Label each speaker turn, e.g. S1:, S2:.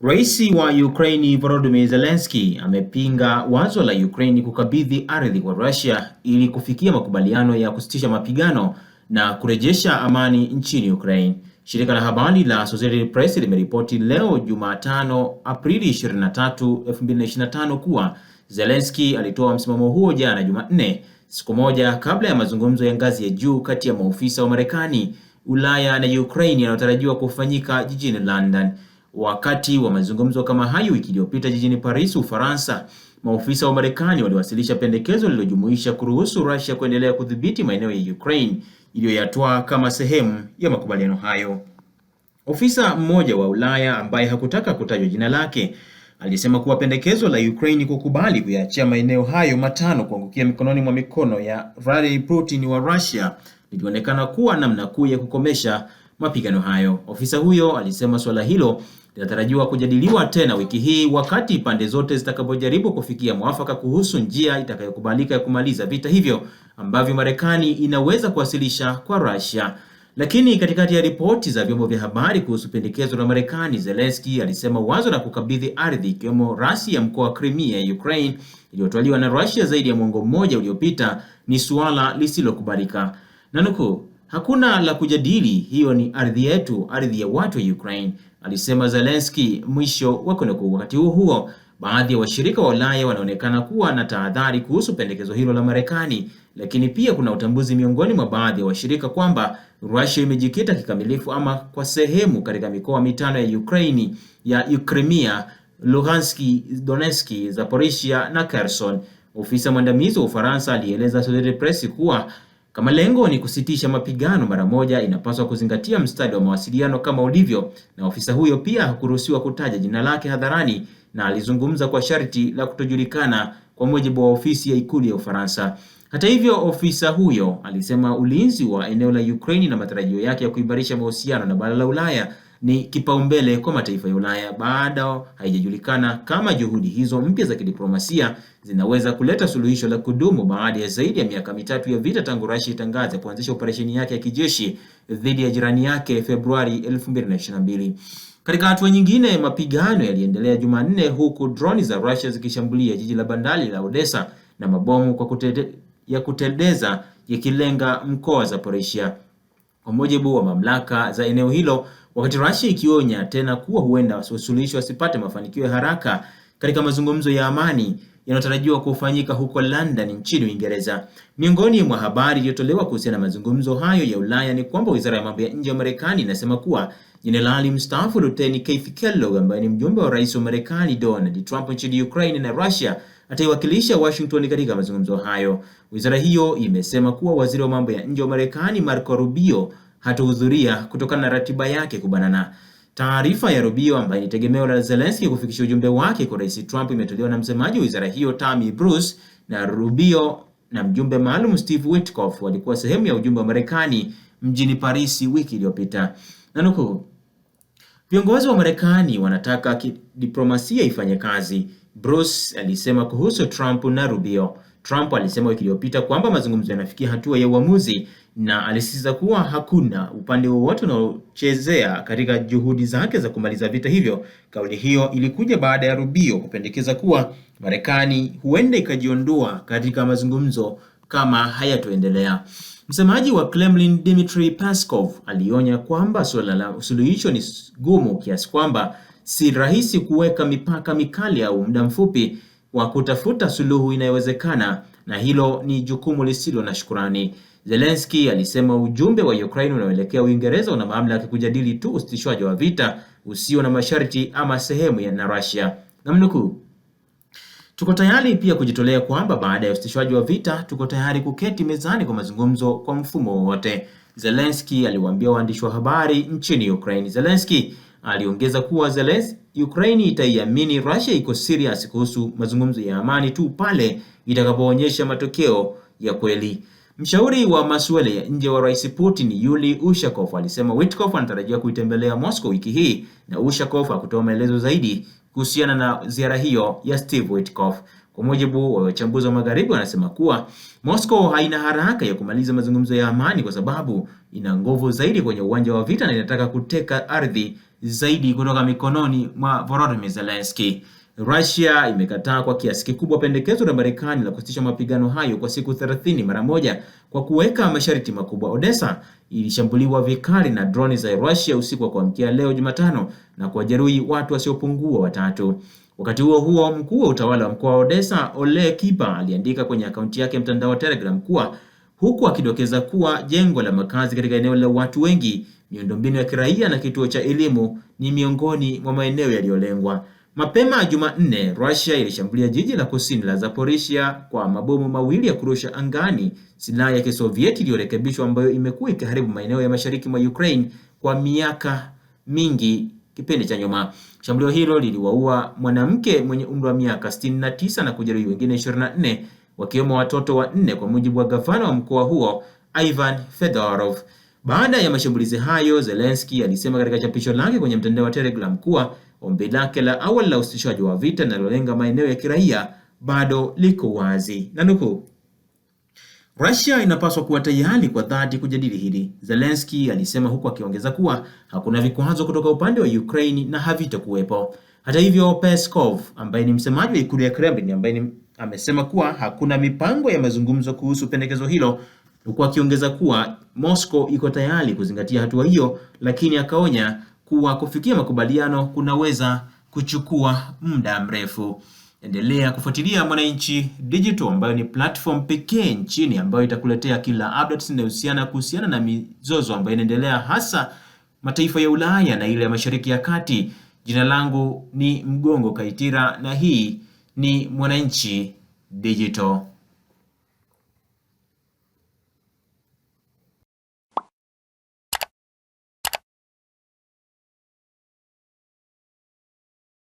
S1: Rais wa Ukraini Volodymyr Zelensky amepinga wazo la Ukraini kukabidhi ardhi kwa Russia ili kufikia makubaliano ya kusitisha mapigano na kurejesha amani nchini Ukraine. Shirika la habari la Associated Press limeripoti leo Jumatano, Aprili 23, 2025 kuwa Zelensky alitoa msimamo huo jana Jumanne, siku moja kabla ya mazungumzo ya ngazi ya juu kati ya maofisa wa Marekani, Ulaya na Ukraine yanayotarajiwa kufanyika jijini London. Wakati wa mazungumzo kama hayo wiki iliyopita jijini Paris, Ufaransa, maofisa wa Marekani waliwasilisha pendekezo lililojumuisha kuruhusu Russia kuendelea kudhibiti maeneo ya Ukraine iliyoyatoa kama sehemu ya makubaliano hayo. Ofisa mmoja wa Ulaya ambaye hakutaka kutajwa jina lake alisema kuwa pendekezo la Ukraine kukubali kuyaachia maeneo hayo matano kuangukia mikononi mwa mikono ya Vladimir Putin wa Russia lilionekana kuwa namna kuu ya kukomesha mapigano hayo. Ofisa huyo alisema suala hilo linatarajiwa kujadiliwa tena wiki hii wakati pande zote zitakapojaribu kufikia mwafaka kuhusu njia itakayokubalika ya kumaliza vita hivyo ambavyo Marekani inaweza kuwasilisha kwa Russia. Lakini katikati ya ripoti za vyombo vya habari kuhusu pendekezo la Marekani, Zelensky alisema wazo la kukabidhi ardhi ikiwemo rasi ya mkoa wa Crimea Ukraine iliyotwaliwa na Russia zaidi ya mwongo mmoja uliopita ni suala lisilokubalika. Nanukuu, Hakuna la kujadili, hiyo ni ardhi yetu, ardhi ya watu wa Ukraine, alisema Zelensky, mwisho wa kunukuu. Wakati huo huo, baadhi ya washirika wa Ulaya wanaonekana kuwa na tahadhari kuhusu pendekezo hilo la Marekani, lakini pia kuna utambuzi miongoni mwa baadhi ya washirika kwamba Russia imejikita kikamilifu ama kwa sehemu katika mikoa mitano ya Ukraini ya Crimea, Luhansk, Donetsk, Zaporizhia na Kherson. Ofisa mwandamizi wa Ufaransa alieleza Associated Press kuwa kama lengo ni kusitisha mapigano mara moja, inapaswa kuzingatia mstari wa mawasiliano kama ulivyo, na ofisa huyo pia hakuruhusiwa kutaja jina lake hadharani na alizungumza kwa sharti la kutojulikana, kwa mujibu wa ofisi ya ikulu ya Ufaransa. Hata hivyo, ofisa huyo alisema ulinzi wa eneo la Ukraine na matarajio yake ya kuimarisha mahusiano na bara la Ulaya ni kipaumbele kwa mataifa ya Ulaya bado haijajulikana kama juhudi hizo mpya za kidiplomasia zinaweza kuleta suluhisho la kudumu baada ya zaidi ya miaka mitatu ya vita tangu Russia itangaze kuanzisha operesheni yake ya kijeshi dhidi ya jirani yake Februari 2022. Katika hatua nyingine, mapigano yaliendelea Jumanne huku droni za Russia zikishambulia jiji la bandari la Odessa na mabomu kwa kutede, ya kutendeza yakilenga mkoa wa Zaporizhia. Kwa mujibu wa mamlaka za eneo hilo, wakati Russia ikionya tena kuwa huenda wasuluhishi wasipate mafanikio ya haraka katika mazungumzo ya amani yanayotarajiwa kufanyika huko London nchini Uingereza. Miongoni mwa habari iliyotolewa kuhusiana na mazungumzo hayo ya Ulaya ni kwamba Wizara ya Mambo ya Nje ya Marekani inasema kuwa Jenerali mstaafu Luteni Keith Kellogg ambaye ni mjumbe wa Rais wa Marekani Donald Trump nchini Ukraine na Russia ataiwakilisha Washington katika mazungumzo hayo. Wizara hiyo imesema kuwa Waziri wa Mambo ya Nje wa Marekani Marco Rubio hatohudhuria kutokana na ratiba yake kubana na taarifa ya Rubio ambayo ni tegemeo la Zelensky kufikisha ujumbe wake kwa Rais Trump imetolewa na msemaji wa wizara hiyo Tammy Bruce. Na Rubio na mjumbe maalum Steve Witkoff walikuwa sehemu ya ujumbe wa Marekani mjini Paris wiki iliyopita. Nanukuu, viongozi wa Marekani wanataka diplomasia ifanye kazi, Bruce alisema kuhusu Trump na Rubio. Trump alisema wiki iliyopita kwamba mazungumzo yanafikia hatua ya uamuzi na alisisitiza kuwa hakuna upande wowote unaochezea katika juhudi zake za kumaliza vita hivyo. Kauli hiyo ilikuja baada ya Rubio kupendekeza kuwa Marekani huenda ikajiondoa katika mazungumzo kama hayatoendelea. Msemaji wa Kremlin Dmitry Peskov alionya kwamba suala la usuluhisho ni gumu kiasi kwamba si rahisi kuweka mipaka mikali au muda mfupi wa kutafuta suluhu inayowezekana, na hilo ni jukumu lisilo na shukurani. Zelensky alisema ujumbe wa Ukraine unaoelekea Uingereza una mamlaka kujadili tu usitishwaji wa vita usio na masharti ama sehemu ya na Russia. Namnukuu, tuko tayari pia kujitolea kwamba baada ya usitishwaji wa vita tuko tayari kuketi mezani kwa mazungumzo kwa mfumo wowote, Zelensky aliwaambia waandishi wa habari nchini Ukraine. Zelensky aliongeza kuwa Zelensky, Ukraine itaiamini Russia iko serious kuhusu mazungumzo ya amani tu pale itakapoonyesha matokeo ya kweli. Mshauri wa masuala ya nje wa Rais Putin, Yuli Ushakov, alisema Witkov anatarajia kuitembelea Moscow wiki hii na Ushakov akutoa maelezo zaidi kuhusiana na ziara hiyo ya Steve Witkov. Kwa mujibu wa wachambuzi wa Magharibi, wanasema kuwa Moscow haina haraka ya kumaliza mazungumzo ya amani kwa sababu ina nguvu zaidi kwenye uwanja wa vita na inataka kuteka ardhi zaidi kutoka mikononi mwa Volodymyr Zelensky. Russia imekataa kwa kiasi kikubwa pendekezo la Marekani la kusitisha mapigano hayo kwa siku 30 mara moja kwa kuweka masharti makubwa. Odessa ilishambuliwa vikali na droni za Russia usiku wa kuamkia leo Jumatano na kuwajeruhi watu wasiopungua watatu. Wakati huo huo, mkuu wa utawala wa mkoa wa Odessa, Ole Kiba, aliandika kwenye akaunti yake mtandao wa Telegram kuwa huku akidokeza kuwa jengo la makazi katika eneo la watu wengi, miundombinu ya kiraia na kituo cha elimu ni miongoni mwa maeneo yaliyolengwa. Mapema Jumanne, Russia ilishambulia jiji la kusini la Zaporizhia kwa mabomu mawili ya kurusha angani, silaha ya Kisovieti iliyorekebishwa ambayo imekuwa ikiharibu maeneo ya mashariki mwa Ukraine kwa miaka mingi kipindi cha nyuma. Shambulio hilo liliwaua mwanamke mwenye umri wa miaka 69 na kujeruhi wengine 24 wakiwemo watoto wanne, kwa mujibu wa gavana wa mkoa huo Ivan Fedorov. Baada ya mashambulizi hayo, Zelensky alisema katika chapisho lake kwenye mtandao wa Telegram kuwa Ombi lake la awali la usitishaji wa vita linalolenga maeneo ya kiraia bado liko wazi na nukuu, Russia inapaswa kuwa tayari kwa dhati kujadili hili, Zelensky alisema, huku akiongeza kuwa hakuna vikwazo kutoka upande wa Ukraine na havitakuwepo. Hata hivyo, Peskov ambaye ni msemaji wa ikulu ya Kremlin ambaye ni, amesema kuwa hakuna mipango ya mazungumzo kuhusu pendekezo hilo, huku akiongeza kuwa Moscow iko tayari kuzingatia hatua hiyo, lakini akaonya kuwa kufikia makubaliano kunaweza kuchukua muda mrefu. Endelea kufuatilia Mwananchi Digital ambayo ni platform pekee nchini ambayo itakuletea kila updates inayohusiana kuhusiana na mizozo ambayo inaendelea hasa mataifa ya Ulaya na ile ya Mashariki ya Kati. Jina langu ni Mgongo Kaitira na hii ni Mwananchi Digital.